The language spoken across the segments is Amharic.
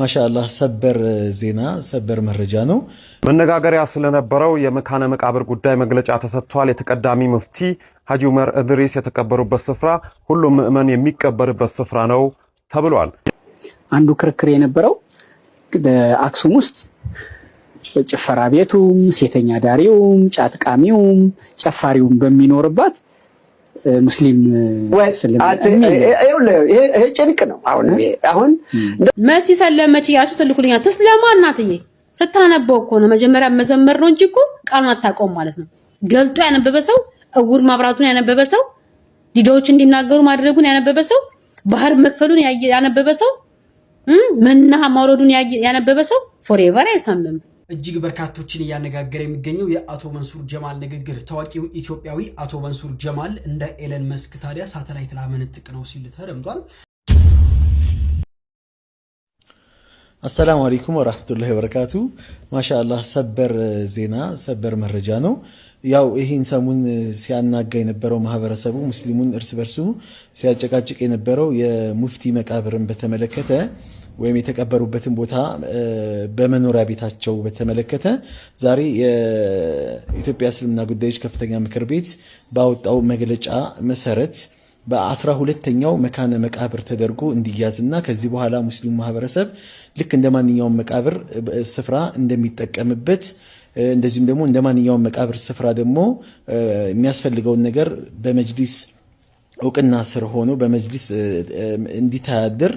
ማሻአላህ ሰበር ዜና ሰበር መረጃ ነው። መነጋገሪያ ስለነበረው የመካነ መቃብር ጉዳይ መግለጫ ተሰጥቷል። የተቀዳሚ ሙፍቲ ሀጂ ዑመር እድሪስ የተቀበሩበት ስፍራ ሁሉም ምዕመን የሚቀበርበት ስፍራ ነው ተብሏል። አንዱ ክርክር የነበረው አክሱም ውስጥ ጭፈራ ቤቱም፣ ሴተኛ ዳሪውም፣ ጫት ቃሚውም፣ ጨፋሪውም በሚኖርባት ሙስሊም ይሄ ጭንቅ ነው። አሁን አሁን መሲ ሰለመች እያችሁ ትልኩልኛ ትስለማ እናትዬ ስታነበው እኮ ነው መጀመሪያ መዘመር ነው እንጂ እኮ ቃሉን አታውቀውም ማለት ነው። ገልጦ ያነበበ ሰው፣ እውር ማብራቱን ያነበበ ሰው፣ ዲዳዎች እንዲናገሩ ማድረጉን ያነበበ ሰው፣ ባህር መክፈሉን ያነበበ ሰው፣ መና ማውረዱን ያነበበ ሰው ፎሬቨር አይሰምም። እጅግ በርካቶችን እያነጋገረ የሚገኘው የአቶ መንሱር ጀማል ንግግር። ታዋቂው ኢትዮጵያዊ አቶ መንሱር ጀማል እንደ ኤለን መስክ ታዲያ ሳተላይት ላመነጥቅ ነው ሲል ተደምጧል። አሰላሙ አለይኩም ወራህመቱላሂ ወበረካቱ። ማሻአላህ ሰበር ዜና ሰበር መረጃ ነው። ያው ይህን ሰሙን ሲያናጋ የነበረው ማህበረሰቡ ሙስሊሙን እርስ በርሱ ሲያጨቃጭቅ የነበረው የሙፍቲ መቃብርን በተመለከተ ወይም የተቀበሩበትን ቦታ በመኖሪያ ቤታቸው በተመለከተ ዛሬ የኢትዮጵያ እስልምና ጉዳዮች ከፍተኛ ምክር ቤት ባወጣው መግለጫ መሰረት በአስራ ሁለተኛው መካነ መቃብር ተደርጎ እንዲያዝና ከዚህ በኋላ ሙስሊሙ ማህበረሰብ ልክ እንደ ማንኛውም መቃብር ስፍራ እንደሚጠቀምበት እንደዚሁም ደግሞ እንደ ማንኛውም መቃብር ስፍራ ደግሞ የሚያስፈልገውን ነገር በመጅሊስ እውቅና ስር ሆኖ በመጅሊስ እንዲተዳደር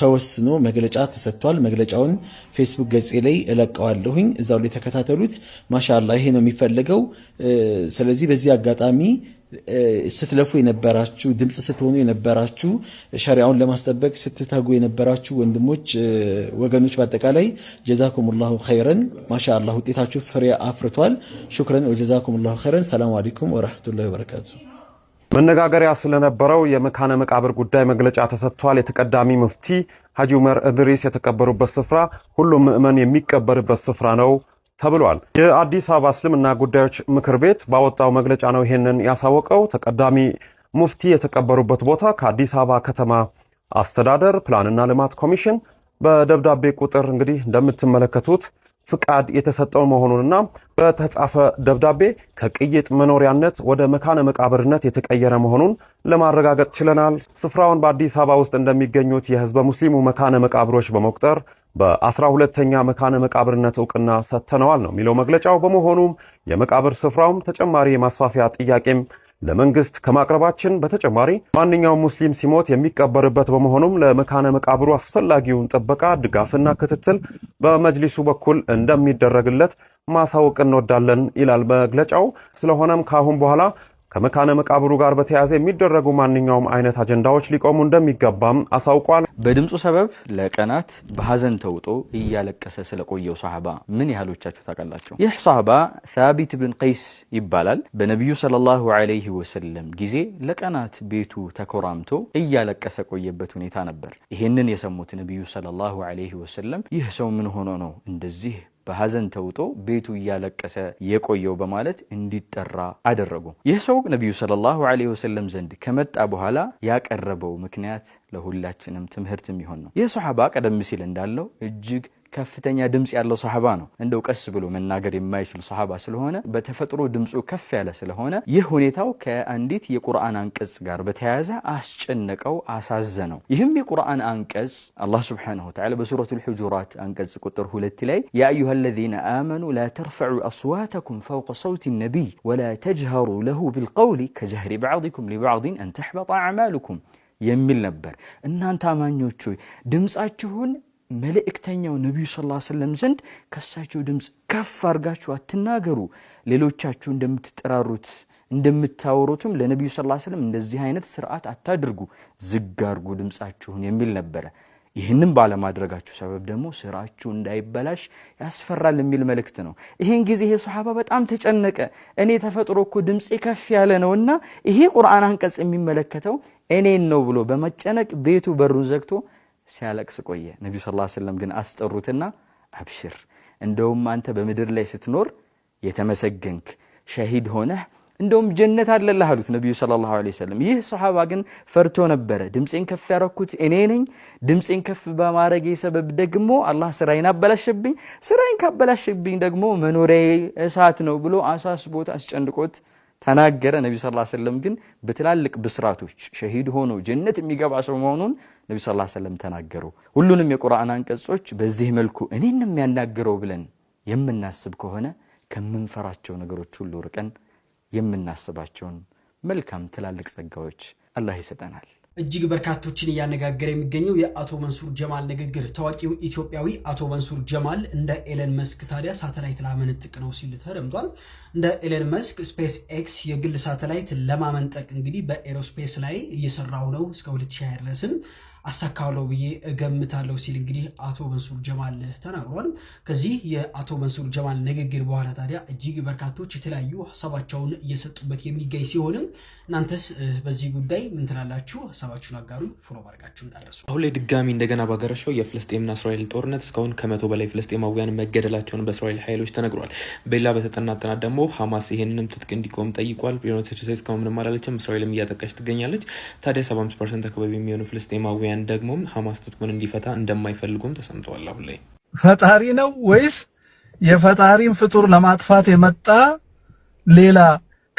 ተወስኖ መግለጫ ተሰጥቷል። መግለጫውን ፌስቡክ ገጼ ላይ እለቀዋለሁኝ። እዛው ላይ ተከታተሉት። ማሻላ ይሄ ነው የሚፈለገው። ስለዚህ በዚህ አጋጣሚ ስትለፉ የነበራችሁ ድምፅ ስትሆኑ የነበራችሁ ሸሪያውን ለማስጠበቅ ስትተጉ የነበራችሁ ወንድሞች፣ ወገኖች በአጠቃላይ ጀዛኩሙላሁ ኸይረን። ማሻአላህ ውጤታችሁ ፍሬ አፍርቷል። ሹክረን ላሁ ኸይረን። ሰላሙ አለይኩም ወረሕመቱላሂ ወበረካቱ። መነጋገሪያ ስለነበረው የመካነ መቃብር ጉዳይ መግለጫ ተሰጥቷል። የተቀዳሚ ሙፍቲ ሀጂ ዑመር እድሪስ የተቀበሩበት ስፍራ ሁሉም ምዕመን የሚቀበርበት ስፍራ ነው ተብሏል። የአዲስ አበባ እስልምና ጉዳዮች ምክር ቤት ባወጣው መግለጫ ነው ይሄንን ያሳወቀው። ተቀዳሚ ሙፍቲ የተቀበሩበት ቦታ ከአዲስ አበባ ከተማ አስተዳደር ፕላንና ልማት ኮሚሽን በደብዳቤ ቁጥር እንግዲህ እንደምትመለከቱት ፍቃድ የተሰጠው መሆኑንና በተጻፈ ደብዳቤ ከቅይጥ መኖሪያነት ወደ መካነ መቃብርነት የተቀየረ መሆኑን ለማረጋገጥ ችለናል። ስፍራውን በአዲስ አበባ ውስጥ እንደሚገኙት የህዝበ ሙስሊሙ መካነ መቃብሮች በመቁጠር በአስራ ሁለተኛ መካነ መቃብርነት እውቅና ሰጥተነዋል ነው የሚለው መግለጫው። በመሆኑም የመቃብር ስፍራውም ተጨማሪ የማስፋፊያ ጥያቄም ለመንግስት ከማቅረባችን በተጨማሪ ማንኛውም ሙስሊም ሲሞት የሚቀበርበት በመሆኑም ለመካነ መቃብሩ አስፈላጊውን ጥበቃ፣ ድጋፍና ክትትል በመጅሊሱ በኩል እንደሚደረግለት ማሳወቅ እንወዳለን ይላል መግለጫው። ስለሆነም ከአሁን በኋላ ከመካነ መቃብሩ ጋር በተያያዘ የሚደረጉ ማንኛውም አይነት አጀንዳዎች ሊቆሙ እንደሚገባም አሳውቋል። በድምፁ ሰበብ ለቀናት በሀዘን ተውጦ እያለቀሰ ስለቆየው ሰሃባ ምን ያህሎቻችሁ ታውቃላችሁ? ይህ ሰሃባ ሳቢት ብን ቀይስ ይባላል። በነቢዩ ሰለላሁ ዐለይሂ ወሰለም ጊዜ ለቀናት ቤቱ ተኮራምቶ እያለቀሰ ቆየበት ሁኔታ ነበር። ይህንን የሰሙት ነቢዩ ሰለላሁ ዐለይሂ ወሰለም ይህ ሰው ምን ሆኖ ነው እንደዚህ በሐዘን ተውጦ ቤቱ እያለቀሰ የቆየው በማለት እንዲጠራ አደረጉ። ይህ ሰው ነቢዩ ሰለላሁ ዐለይሂ ወሰለም ዘንድ ከመጣ በኋላ ያቀረበው ምክንያት ለሁላችንም ትምህርት የሚሆን ነው። ይህ ሰሓባ ቀደም ሲል እንዳለው እጅግ ከፍተኛ ድምፅ ያለው ሰሃባ ነው። እንደው ቀስ ብሎ መናገር የማይችል ሰሃባ ስለሆነ በተፈጥሮ ድምፁ ከፍ ያለ ስለሆነ ይህ ሁኔታው ከአንዲት የቁርአን አንቀጽ ጋር በተያያዘ አስጨነቀው፣ አሳዘነው። ይህም የቁርአን አንቀጽ አላህ ስብሓነሁ ወተዓላ በሱረቱል ሁጁራት አንቀጽ ቁጥር ሁለት ላይ ያ አዩሃ አለዚነ አመኑ ላ ተርፈዑ አስዋተኩም ፈውቀ ሰውቲ ነቢይ ወላ ተጅሀሩ ለሁ ቢልቀውሊ ከጀህሪ ባዕድኩም ሊባዕድን አንተሕበጣ አዕማሉኩም የሚል ነበር። እናንተ አማኞች ድምፃችሁን መልእክተኛው ነቢዩ ሰለላሁ ዐለይሂ ዘንድ ከሳቸው ድምፅ ከፍ አድርጋችሁ አትናገሩ፣ ሌሎቻችሁ እንደምትጠራሩት እንደምታወሩትም ለነቢዩ ሰለላሁ ዐለይሂ እንደዚህ አይነት ስርዓት አታድርጉ፣ ዝግ አድርጉ ድምፃችሁን የሚል ነበረ። ይህንም ባለማድረጋችሁ ሰበብ ደግሞ ስራችሁ እንዳይበላሽ ያስፈራል የሚል መልእክት ነው። ይህን ጊዜ ይሄ ሰሓባ በጣም ተጨነቀ። እኔ ተፈጥሮ እኮ ድምፄ ከፍ ያለ ነው እና ይሄ ቁርአን አንቀጽ የሚመለከተው እኔን ነው ብሎ በመጨነቅ ቤቱ በሩን ዘግቶ ሲያለቅስ ቆየ። ነቢዩ ሰለላሁ ዐለይሂ ግን አስጠሩትና አብሽር፣ እንደውም አንተ በምድር ላይ ስትኖር የተመሰገንክ ሸሂድ ሆነህ እንደውም ጀነት አለልህ አሉት ነቢዩ ሰለላሁ ዐለይሂ ወሰለም። ይህ ሰሓባ ግን ፈርቶ ነበረ። ድምፄን ከፍ ያረኩት እኔ ነኝ። ድምፄን ከፍ በማድረጌ ሰበብ ደግሞ አላህ ስራዬን አበላሸብኝ። ስራዬን ካበላሸብኝ ደግሞ መኖሪያዬ እሳት ነው ብሎ አሳስቦት አስጨንቆት ተናገረ። ነቢ ስ ዐለይሂ ግን በትላልቅ ብስራቶች ሸሂድ ሆኖ ጀነት የሚገባ ሰው መሆኑን ነቢ ስ ዐለይሂ ተናገሩ። ሁሉንም የቁርአን አንቀጾች በዚህ መልኩ እኔን የሚያናግረው ብለን የምናስብ ከሆነ ከምንፈራቸው ነገሮች ሁሉ ርቀን የምናስባቸውን መልካም ትላልቅ ጸጋዎች አላህ ይሰጠናል። እጅግ በርካቶችን እያነጋገረ የሚገኘው የአቶ መንሱር ጀማል ንግግር። ታዋቂው ኢትዮጵያዊ አቶ መንሱር ጀማል እንደ ኤለን መስክ ታዲያ ሳተላይት ላመነጥቅ ነው ሲል ተደምጧል። እንደ ኤለን መስክ ስፔስ ኤክስ የግል ሳተላይት ለማመንጠቅ እንግዲህ በኤሮስፔስ ላይ እየሰራው ነው እስከ 2020 ድረስን አሳካለው ብዬ እገምታለሁ ሲል እንግዲህ አቶ መንሱር ጀማል ተናግሯል። ከዚህ የአቶ መንሱር ጀማል ንግግር በኋላ ታዲያ እጅግ በርካቶች የተለያዩ ሀሳባቸውን እየሰጡበት የሚገኝ ሲሆንም እናንተስ በዚህ ጉዳይ ምን ትላላችሁ? ሀሳባችሁን አጋሩ። ፎሎ ማድረጋችሁ እንዳረሱ። አሁን ላይ ድጋሚ እንደገና ባገረሸው የፍልስጤምና እስራኤል ጦርነት እስካሁን ከመቶ በላይ ፍልስጤማውያን መገደላቸውን በእስራኤል ኃይሎች ተነግሯል። በሌላ በተጠና ጥናት ደግሞ ሀማስ ይህንንም ትጥቅ እንዲቆም ጠይቋል። ዩናይትድ ስቴትስ ከምንም አላለችም። እስራኤልም እያጠቃች ትገኛለች። ታዲያ 75 ፐርሰንት አካባቢ የሚሆኑ ፍልስጤማውያን ኢራናውያን ደግሞም ሀማስ ትጥቁን እንዲፈታ እንደማይፈልጉም ተሰምተዋል። አሁን ላይ ፈጣሪ ነው ወይስ የፈጣሪን ፍጡር ለማጥፋት የመጣ ሌላ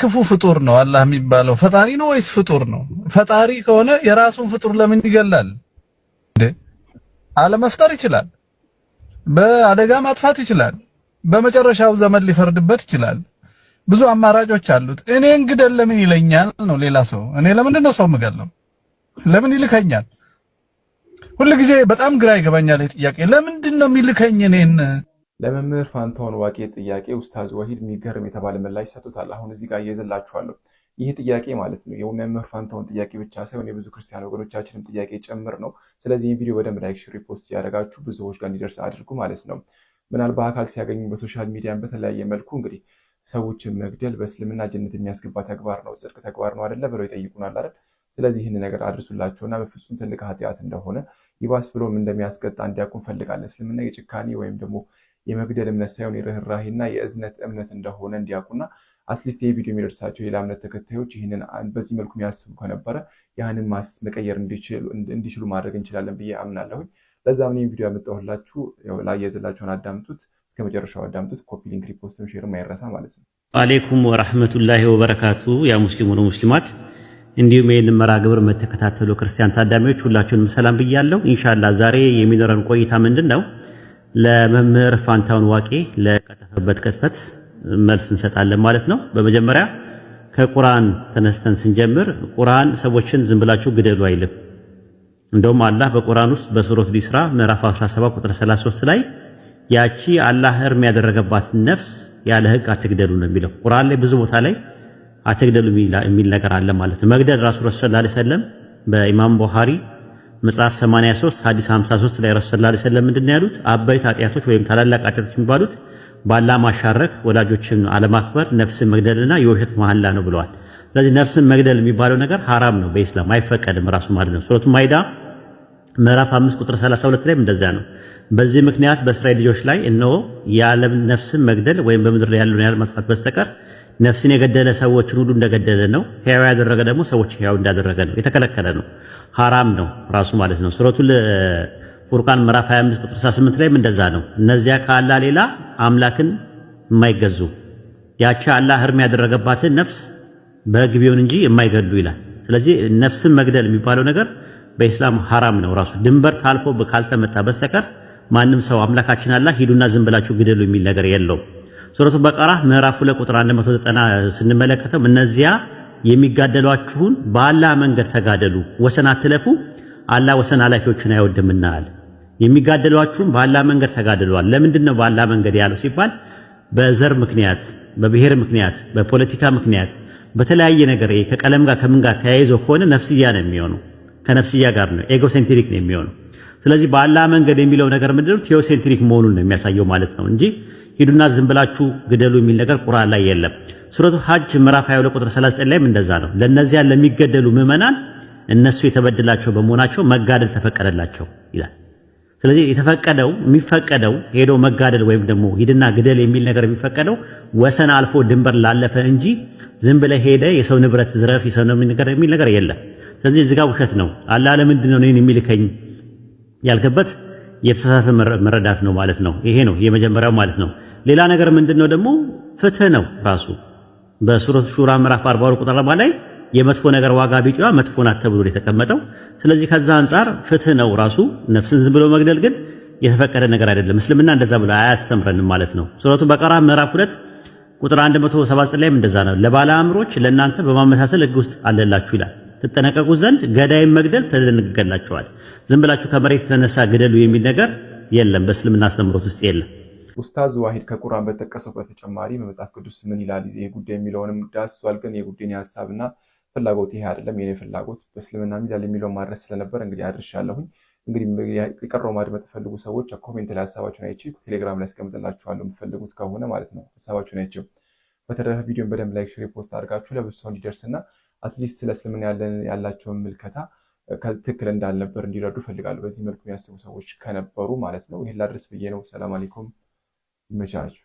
ክፉ ፍጡር ነው? አላህ የሚባለው ፈጣሪ ነው ወይስ ፍጡር ነው? ፈጣሪ ከሆነ የራሱን ፍጡር ለምን ይገላል? አለመፍጠር ይችላል። በአደጋ ማጥፋት ይችላል። በመጨረሻው ዘመን ሊፈርድበት ይችላል። ብዙ አማራጮች አሉት። እኔ እንግደል ለምን ይለኛል ነው ሌላ ሰው። እኔ ለምንድን ነው ሰው የምገለው? ለምን ይልከኛል? ሁልጊዜ በጣም ግራ ይገባኛል። ጥያቄ ለምንድን ነው የሚልከኝ እኔን? ለመምህር ፋንታሁን ዋቄ ጥያቄ ኡስታዝ ወሂድ የሚገርም የተባለ ምላሽ ሰጥቶታል። አሁን እዚህ ጋር እየዘላችኋለሁ። ይህ ጥያቄ ማለት ነው የመምህር ፋንታሁን ጥያቄ ብቻ ሳይሆን የብዙ ክርስቲያን ወገኖቻችንም ጥያቄ ጭምር ነው። ስለዚህ ይህ ቪዲዮ በደንብ ላይክ፣ ሼር፣ ሪፖስት ያደረጋችሁ ብዙ ሰዎች ጋር እንዲደርስ አድርጉ ማለት ነው። ምናልባት በአካል ሲያገኙ በሶሻል ሚዲያን በተለያየ መልኩ እንግዲህ ሰዎችን መግደል በእስልምና ጀነት የሚያስገባ ተግባር ነው፣ ጽድቅ ተግባር ነው አይደለ ብለው ይጠይቁናል አይደል ስለዚህ ይህን ነገር አድርሱላቸውና በፍጹም ትልቅ ኃጢአት እንደሆነ ይባስ ብሎም እንደሚያስቀጣ እንዲያውቁ እንፈልጋለን። እስልምና የጭካኔ ወይም ደግሞ የመግደል እምነት ሳይሆን የርኅራሄና የእዝነት እምነት እንደሆነ እንዲያውቁና አትሊስት ይህ ቪዲዮ የሚደርሳቸው የሌላ እምነት ተከታዮች ይህንን በዚህ መልኩ የሚያስቡ ከነበረ ያህንን መቀየር እንዲችሉ ማድረግ እንችላለን ብዬ አምናለሁኝ። ለዛ ምን ቪዲዮ ያመጣሁላችሁ ላያዘላችሁን አዳምጡት፣ እስከ መጨረሻው አዳምጡት። ኮፒ ሊንክ፣ ሪፖስትም ሼርም አይረሳ ማለት ነው። አሌይኩም ወራህመቱላሂ ወበረካቱ ያ ሙስሊሙ ሙስሊማት እንዲሁም ይህን መርሃ ግብር የምትከታተሉ ክርስቲያን ታዳሚዎች ሁላችሁንም ሰላም ብያለሁ። እንሻላ ዛሬ የሚኖረን ቆይታ ምንድን ነው? ለመምህር ፋንታውን ዋቄ ለቀጠፈበት ቅጥፈት መልስ እንሰጣለን ማለት ነው። በመጀመሪያ ከቁርአን ተነስተን ስንጀምር ቁርአን ሰዎችን ዝም ብላችሁ ግደሉ አይልም። እንደውም አላህ በቁርአን ውስጥ በሱረቱል ኢስራ ምዕራፍ 17 ቁጥር 33 ላይ ያቺ አላህ እርም ያደረገባት ነፍስ ያለ ህግ አትግደሉ ነው የሚለው ቁርአን ላይ ብዙ ቦታ ላይ አትግደሉ የሚል ነገር አለ ማለት ነው። መግደል ራሱ ረሱል ሰለም በኢማም ቡኻሪ መጽሐፍ 83 ሐዲስ 53 ላይ ረሱል ሰለላሁ ዐለይሂ ምንድን ያሉት? አበይት ኃጢአቶች ወይም ታላላቅ አጥያቶች የሚባሉት ባላ ማሻረክ፣ ወላጆችን አለማክበር፣ ነፍስን መግደልና የውሸት መሐላ ነው ብለዋል። ስለዚህ ነፍስን መግደል የሚባለው ነገር ሐራም ነው በኢስላም አይፈቀድም ራሱ ማለት ነው። ሱረቱ ማይዳ ምዕራፍ 5 ቁጥር 32 ላይ እንደዛ ነው። በዚህ ምክንያት በእስራኤል ልጆች ላይ እነሆ የዓለም ነፍስን መግደል ወይም በምድር ላይ ያለውን ያለ በስተቀር ነፍስን የገደለ ሰዎችን ሁሉ እንደገደለ ነው። ሕያው ያደረገ ደግሞ ሰዎች ሕያው እንዳደረገ ነው። የተከለከለ ነው፣ ሐራም ነው ራሱ ማለት ነው። ሱረቱል ፉርቃን ምዕራፍ 25 ቁጥር 68 ላይም እንደዛ ነው። እነዚያ ከአላህ ሌላ አምላክን የማይገዙ ያቺ አላህ ህርም ያደረገባትን ነፍስ በሕግ እንጂ የማይገሉ ይላል። ስለዚህ ነፍስን መግደል የሚባለው ነገር በኢስላም ሐራም ነው ራሱ ድንበር ታልፎ ካልተመጣ በስተቀር ማንም ሰው አምላካችን አላህ ሂዱና ዝም ብላችሁ ግደሉ የሚል ነገር የለውም። ሱረቱ በቀራ ምዕራፍ 2 ቁጥር 190 ስንመለከተው እነዚያ የሚጋደሏችሁን በአላህ መንገድ ተጋደሉ፣ ወሰን አትለፉ፣ አላህ ወሰን አላፊዎችን አይወድምና አለ። የሚጋደሏችሁን በአላህ መንገድ ተጋደሏል። ለምንድን ነው በአላህ መንገድ ያለው ሲባል በዘር ምክንያት፣ በብሔር ምክንያት፣ በፖለቲካ ምክንያት፣ በተለያየ ነገር ከቀለም ጋር ከምን ጋር ተያይዞ ከሆነ ነፍስያ ነው የሚሆነው፣ ከነፍስያ ጋር ነው ኤጎሴንትሪክ ነው የሚሆነው ስለዚህ በአላህ መንገድ የሚለው ነገር ምንድነው? ቴዎሴንትሪክ መሆኑን ነው የሚያሳየው ማለት ነው እንጂ ሂዱና ዝም ብላችሁ ግደሉ የሚል ነገር ቁርአን ላይ የለም። ሱረቱ ሀጅ ምዕራፍ 22 ቁጥር 39 ላይም እንደዛ ነው። ለነዚያ ለሚገደሉ ምዕመናን እነሱ የተበደላቸው በመሆናቸው መጋደል ተፈቀደላቸው ይላል። ስለዚህ የተፈቀደው የሚፈቀደው ሄዶ መጋደል ወይም ደግሞ ሂድና ግደል የሚል ነገር የሚፈቀደው ወሰን አልፎ ድንበር ላለፈ እንጂ ዝም ብለ ሄደ የሰው ንብረት ዝረፍ የሰው ነገር የሚል ነገር የለም። ስለዚህ እዚህ ጋር ውሸት ነው። አላህ ለምንድን ነው እኔን የሚልከኝ ያልከበት የተሳሳተ መረዳት ነው ማለት ነው። ይሄ ነው የመጀመሪያው ማለት ነው። ሌላ ነገር ምንድነው ደግሞ ፍትህ ነው ራሱ በሱረት ሹራ ምዕራፍ 42 ቁጥር 40 ላይ የመጥፎ ነገር ዋጋ ቢጤዋ መጥፎ ናት ተብሎ የተቀመጠው። ስለዚህ ከዛ አንጻር ፍትህ ነው ራሱ። ነፍስን ዝም ብሎ መግደል ግን የተፈቀደ ነገር አይደለም። እስልምና እንደዛ ብሎ አያስተምረንም ማለት ነው። ሱረቱ በቀራ ምዕራፍ 2 ቁጥር 179 ላይም እንደዛ ነው። ለባለ አእምሮች ለእናንተ በማመሳሰል ህግ ውስጥ አለላችሁ ይላል። ትጠነቀቁ ዘንድ ገዳይን መግደል ተደንግገላችኋል። ዝም ብላችሁ ከመሬት የተነሳ ግደሉ የሚል ነገር የለም፣ በእስልምና አስተምሮት ውስጥ የለም። ኡስታዝ ዋሂድ ከቁርአን በጠቀሰው በተጨማሪ በመጽሐፍ ቅዱስ ምን ይላል ይሄ ጉዳይ የሚለውንም ዳስሷል። ግን የጉዳይን ሀሳብና ፍላጎት ይሄ አይደለም የኔ ፍላጎት በእስልምና ሚዳል የሚለውን ማድረስ ስለነበር እንግዲህ አድርሻለሁኝ። እንግዲህ የቀረው ማድመጥ የምትፈልጉ ሰዎች ኮሜንት ላይ ሀሳባችሁን አይቼ ቴሌግራም ላይ አስቀምጥላችኋለሁ የምትፈልጉት ከሆነ ማለት ነው ሀሳባችሁን አይቼው። በተረፈ ቪዲዮን በደንብ ላይክ፣ ሼር፣ ፖስት አድርጋችሁ ለብዙ ሰው እንዲደርስና አትሊስት ስለ እስልምና ያላቸውን ምልከታ ትክክል እንዳልነበር እንዲረዱ እፈልጋለሁ። በዚህ መልኩ የሚያስቡ ሰዎች ከነበሩ ማለት ነው። ይህን ላድረስ ብዬ ነው። ሰላም አሌይኩም ይመቻችሁ።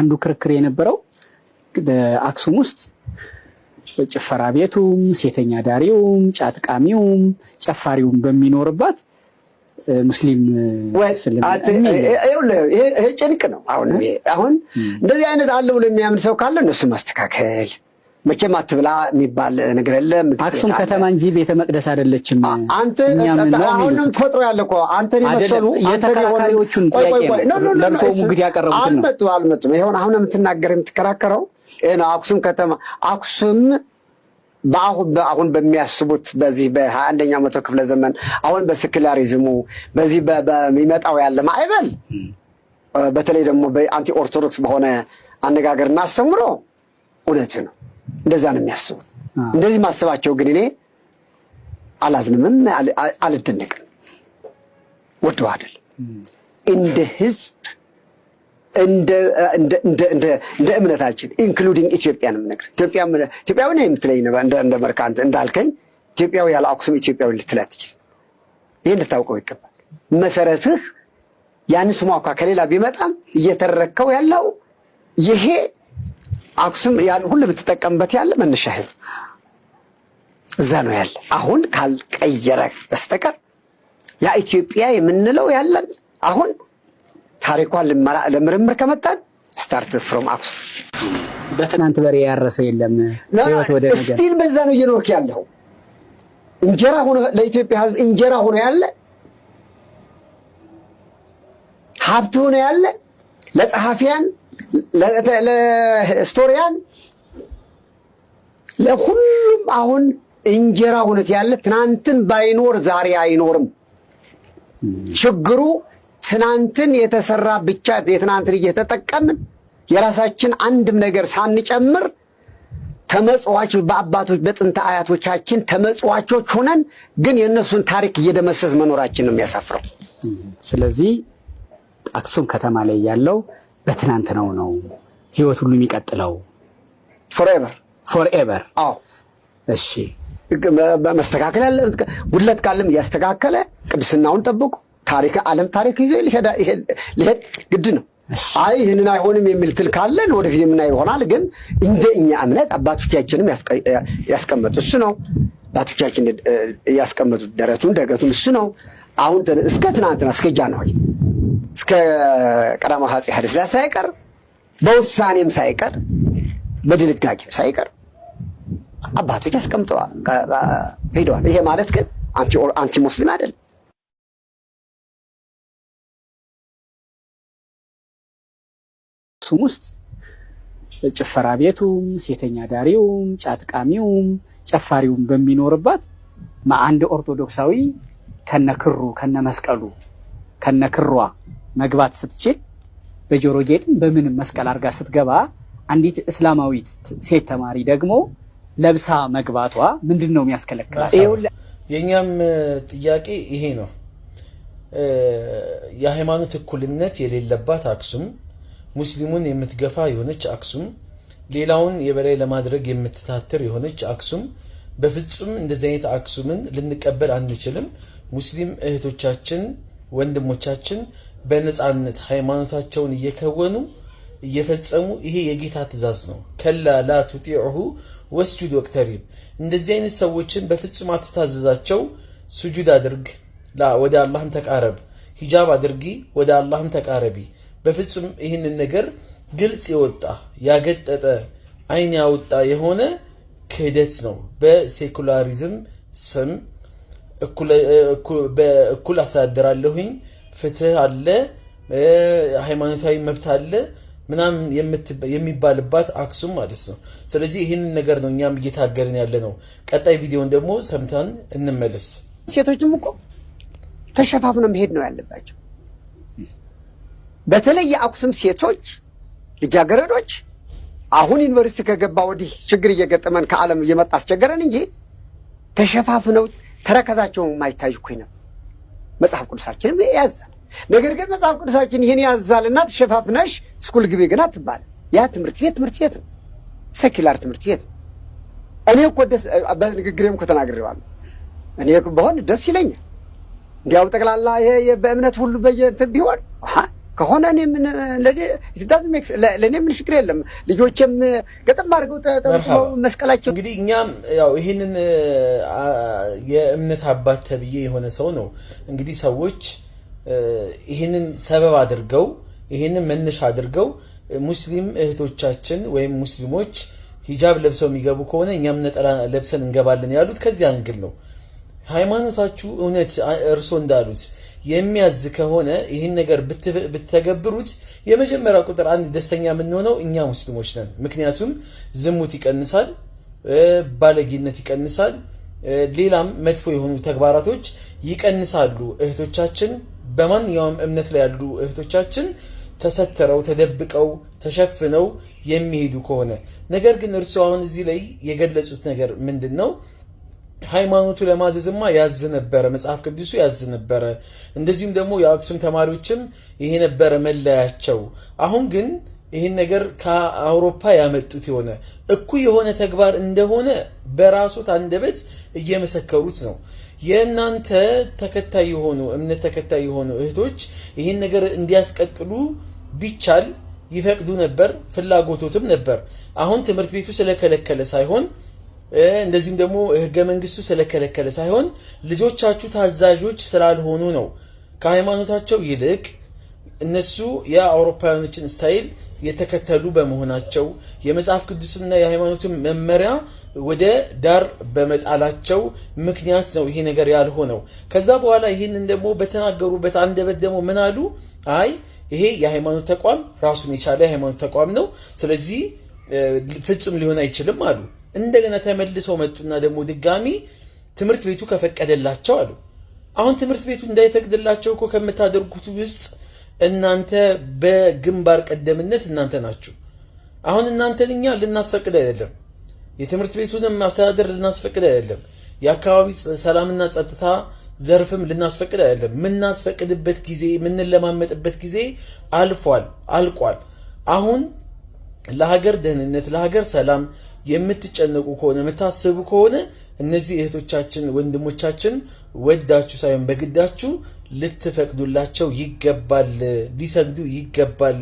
አንዱ ክርክር የነበረው አክሱም ውስጥ ጭፈራ ቤቱም ሴተኛ ዳሪውም ጫት ጨፋሪውም በሚኖርባት ሙስሊም ይሄ ጭንቅ ነው። አሁን አሁን እንደዚህ አይነት አለ ብሎ የሚያምን ሰው ካለ እነሱ ማስተካከል መቼም አትብላ የሚባል ነገር የለም። አክሱም ከተማ እንጂ ቤተ መቅደስ አይደለችም። አንተ አሁንም ተፈጥሮ ያለ እኮ አንተን የመሰሉ የተከራካሪዎቹን ጥያቄ ሙግድ ያቀረቡት ነው። አልመጡም አልመጡም። ይሁን አሁን የምትናገር የምትከራከረው ነው። አክሱም ከተማ አክሱም አሁን በሚያስቡት በዚህ በሀያ አንደኛው መቶ ክፍለ ዘመን አሁን በሴኩላሪዝሙ በዚህ በሚመጣው ያለ ማዕበል በተለይ ደግሞ በአንቲ ኦርቶዶክስ በሆነ አነጋገር እናስተምሮ እውነት ነው እንደዛ ነው የሚያስቡት። እንደዚህ ማሰባቸው ግን እኔ አላዝንምም፣ አልደነቅም። ወደው አይደል እንደ ህዝብ እንደ እምነታችን ኢንክሉዲንግ ነው የምነግርህ ኢትዮጵያዊ ነህ የምትለኝ እንደ መርካንት እንዳልከኝ ኢትዮጵያዊ ያለ አክሱም ኢትዮጵያዊ ልትለህ ትችል። ይህ እንድታውቀው ይገባል። መሰረትህ ያን ስሟኳ ከሌላ ቢመጣም እየተረከው ያለው ይሄ አክሱም ያን ሁሉ ብትጠቀምበት ያለ መነሻህን እዛ ነው ያለ። አሁን ካልቀየረ በስተቀር ያ ኢትዮጵያ የምንለው ያለን አሁን ታሪኳን ለምርምር ከመጣን ስታርት ፍሮም አክሱም። በትናንት በሬ ያረሰ የለም። ስቲል በዛ ነው እየኖርክ ያለው። እንጀራ ሆኖ ለኢትዮጵያ ሕዝብ እንጀራ ሆኖ ያለ ሀብት ሆኖ ያለ ለጸሐፊያን ለስቶሪያን ለሁሉም አሁን እንጀራ እውነት ያለ ትናንትን ባይኖር ዛሬ አይኖርም። ችግሩ ትናንትን የተሰራ ብቻ የትናንትን እየተጠቀምን የራሳችን አንድም ነገር ሳንጨምር ተመጽዋች በአባቶች በጥንት አያቶቻችን ተመጽዋቾች ሆነን ግን የእነሱን ታሪክ እየደመሰስ መኖራችን ነው የሚያሳፍረው። ስለዚህ አክሱም ከተማ ላይ ያለው ለትናንትናው ነው ህይወት ሁሉ የሚቀጥለው ፎርኤቨር ፎርኤቨር። እሺ። መስተካከል ያለ ጉድለት ካለም እያስተካከለ ቅድስናውን ጠብቁ። ታሪክ ዓለም ታሪክ ይዞ ሊሄድ ግድ ነው። አይ ይህንን አይሆንም የሚል ትል ካለን ወደፊት የምናየው ይሆናል። ግን እንደ እኛ እምነት አባቶቻችንም ያስቀመጡ እሱ ነው። አባቶቻችን ያስቀመጡት ደረቱን ደገቱን እሱ ነው። አሁን እስከ ትናንትና እስከ ጃንሆይ እስከ ቀዳማዊ አፄ ኃይለ ሥላሴ ሳይቀር በውሳኔም ሳይቀር በድንጋጌም ሳይቀር አባቶች አስቀምጠዋል ሄደዋል። ይሄ ማለት ግን አንቲ ሙስሊም አይደለም። እሱም ውስጥ ጭፈራ ቤቱም፣ ሴተኛ ዳሪውም፣ ጫት ቃሚውም፣ ጨፋሪውም በሚኖርባት አንድ ኦርቶዶክሳዊ ከነክሩ ከነመስቀሉ ከነክሯ መግባት ስትችል በጆሮ ጌጥም በምንም መስቀል አድርጋ ስትገባ አንዲት እስላማዊት ሴት ተማሪ ደግሞ ለብሳ መግባቷ ምንድን ነው የሚያስከለክላቸው? የእኛም ጥያቄ ይሄ ነው። የሃይማኖት እኩልነት የሌለባት አክሱም፣ ሙስሊሙን የምትገፋ የሆነች አክሱም፣ ሌላውን የበላይ ለማድረግ የምትታትር የሆነች አክሱም፣ በፍጹም እንደዚህ አይነት አክሱምን ልንቀበል አንችልም። ሙስሊም እህቶቻችን ወንድሞቻችን በነፃነት ሃይማኖታቸውን እየከወኑ እየፈጸሙ ይሄ የጌታ ትእዛዝ ነው። ከላ ላ ቱጢዑሁ ወስጁድ ወቅተሪብ። እንደዚህ አይነት ሰዎችን በፍጹም አትታዘዛቸው። ሱጁድ አድርግ፣ ወደ አላህም ተቃረብ። ሂጃብ አድርጊ፣ ወደ አላህም ተቃረቢ። በፍጹም ይህንን ነገር ግልጽ የወጣ ያገጠጠ አይን ያወጣ የሆነ ክህደት ነው። በሴኩላሪዝም ስም በእኩል አስተዳድራለሁኝ ፍትህ አለ፣ ሃይማኖታዊ መብት አለ ምናምን የሚባልባት አክሱም ማለት ነው። ስለዚህ ይህንን ነገር ነው እኛም እየታገርን ያለ ነው። ቀጣይ ቪዲዮን ደግሞ ሰምተን እንመለስ። ሴቶችም እኮ ተሸፋፍነው መሄድ ነው ያለባቸው። በተለይ የአክሱም ሴቶች ልጃገረዶች አሁን ዩኒቨርሲቲ ከገባ ወዲህ ችግር እየገጠመን ከዓለም እየመጣ አስቸገረን እንጂ ተሸፋፍነው ተረከዛቸው ማይታይ እኮ ነበር። መጽሐፍ ቅዱሳችንም ያዛል። ነገር ግን መጽሐፍ ቅዱሳችን ይህን ያዛልና ተሸፋፍነሽ ስኩል ግቢ ግን አትባል። ያ ትምህርት ቤት ትምህርት ቤት ነው፣ ሰኪላር ትምህርት ቤት ነው። እኔ እኮ ደስ በንግግሬም እኮ ተናግሬዋለሁ። እኔ በሆን ደስ ይለኛል። እንዲያው ጠቅላላ ይሄ በእምነት ሁሉ በየእንትን ቢሆን ከሆነ ለእኔ ምን ችግር የለም። ልጆችም ገጠም አድርገው ተጠርተው መስቀላቸው። እንግዲህ እኛም ያው ይህንን የእምነት አባት ተብዬ የሆነ ሰው ነው እንግዲህ ሰዎች ይህንን ሰበብ አድርገው ይህንን መነሻ አድርገው ሙስሊም እህቶቻችን ወይም ሙስሊሞች ሂጃብ ለብሰው የሚገቡ ከሆነ እኛም ነጠላ ለብሰን እንገባለን ያሉት ከዚህ አንግል ነው። ሃይማኖታችሁ እውነት እርሶ እንዳሉት የሚያዝ ከሆነ ይህን ነገር ብትተገብሩት የመጀመሪያ ቁጥር አንድ ደስተኛ የምንሆነው እኛ ሙስሊሞች ነን። ምክንያቱም ዝሙት ይቀንሳል፣ ባለጌነት ይቀንሳል፣ ሌላም መጥፎ የሆኑ ተግባራቶች ይቀንሳሉ። እህቶቻችን በማንኛውም እምነት ላይ ያሉ እህቶቻችን ተሰትረው ተደብቀው ተሸፍነው የሚሄዱ ከሆነ ነገር ግን እርስዎ አሁን እዚህ ላይ የገለጹት ነገር ምንድን ነው? ሃይማኖቱ ለማዘዝማ ያዝ ነበረ፣ መጽሐፍ ቅዱሱ ያዝ ነበረ። እንደዚሁም ደግሞ የአክሱም ተማሪዎችም ይሄ ነበረ መለያቸው። አሁን ግን ይህን ነገር ከአውሮፓ ያመጡት የሆነ እኩይ የሆነ ተግባር እንደሆነ በራሶት አንደበት እየመሰከሩት ነው። የእናንተ ተከታይ የሆኑ እምነት ተከታይ የሆኑ እህቶች ይህን ነገር እንዲያስቀጥሉ ቢቻል ይፈቅዱ ነበር፣ ፍላጎቶትም ነበር። አሁን ትምህርት ቤቱ ስለከለከለ ሳይሆን እንደዚሁም ደግሞ ህገ መንግስቱ ስለከለከለ ሳይሆን ልጆቻችሁ ታዛዦች ስላልሆኑ ነው። ከሃይማኖታቸው ይልቅ እነሱ የአውሮፓውያኖችን ስታይል የተከተሉ በመሆናቸው የመጽሐፍ ቅዱስና የሃይማኖትን መመሪያ ወደ ዳር በመጣላቸው ምክንያት ነው ይሄ ነገር ያልሆነው። ከዛ በኋላ ይህንን ደግሞ በተናገሩበት አንደበት ደግሞ ምን አሉ? አይ ይሄ የሃይማኖት ተቋም ራሱን የቻለ የሃይማኖት ተቋም ነው፣ ስለዚህ ፍጹም ሊሆን አይችልም አሉ። እንደገና ተመልሰው መጡና ደግሞ ድጋሚ ትምህርት ቤቱ ከፈቀደላቸው አሉ። አሁን ትምህርት ቤቱ እንዳይፈቅድላቸው እኮ ከምታደርጉት ውስጥ እናንተ በግንባር ቀደምነት እናንተ ናችሁ። አሁን እናንተን እኛ ልናስፈቅድ አይደለም፣ የትምህርት ቤቱንም አስተዳደር ልናስፈቅድ አይደለም፣ የአካባቢ ሰላምና ጸጥታ ዘርፍም ልናስፈቅድ አይደለም። የምናስፈቅድበት ጊዜ የምንለማመጥበት ጊዜ አልፏል፣ አልቋል። አሁን ለሀገር ደህንነት፣ ለሀገር ሰላም የምትጨነቁ ከሆነ የምታስቡ ከሆነ እነዚህ እህቶቻችን ወንድሞቻችን ወዳችሁ ሳይሆን በግዳችሁ ልትፈቅዱላቸው ይገባል፣ ሊሰግዱ ይገባል።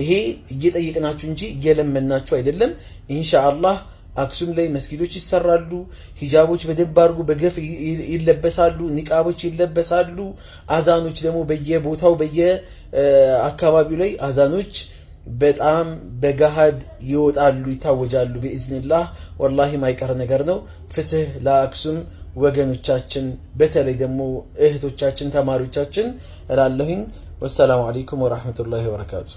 ይሄ እየጠየቅናችሁ እንጂ እየለመናችሁ አይደለም። ኢንሻአላህ አክሱም ላይ መስጊዶች ይሰራሉ። ሂጃቦች በደንብ አድርጉ በገፍ ይለበሳሉ፣ ኒቃቦች ይለበሳሉ። አዛኖች ደግሞ በየቦታው በየአካባቢው ላይ አዛኖች በጣም በገሃድ ይወጣሉ፣ ይታወጃሉ። ብእዝንላህ ወላሂ ማይቀር ነገር ነው። ፍትህ ለአክሱም ወገኖቻችን፣ በተለይ ደግሞ እህቶቻችን፣ ተማሪዎቻችን እላለሁኝ። ወሰላሙ አለይኩም ወራህመቱላሂ ወበረካቱ።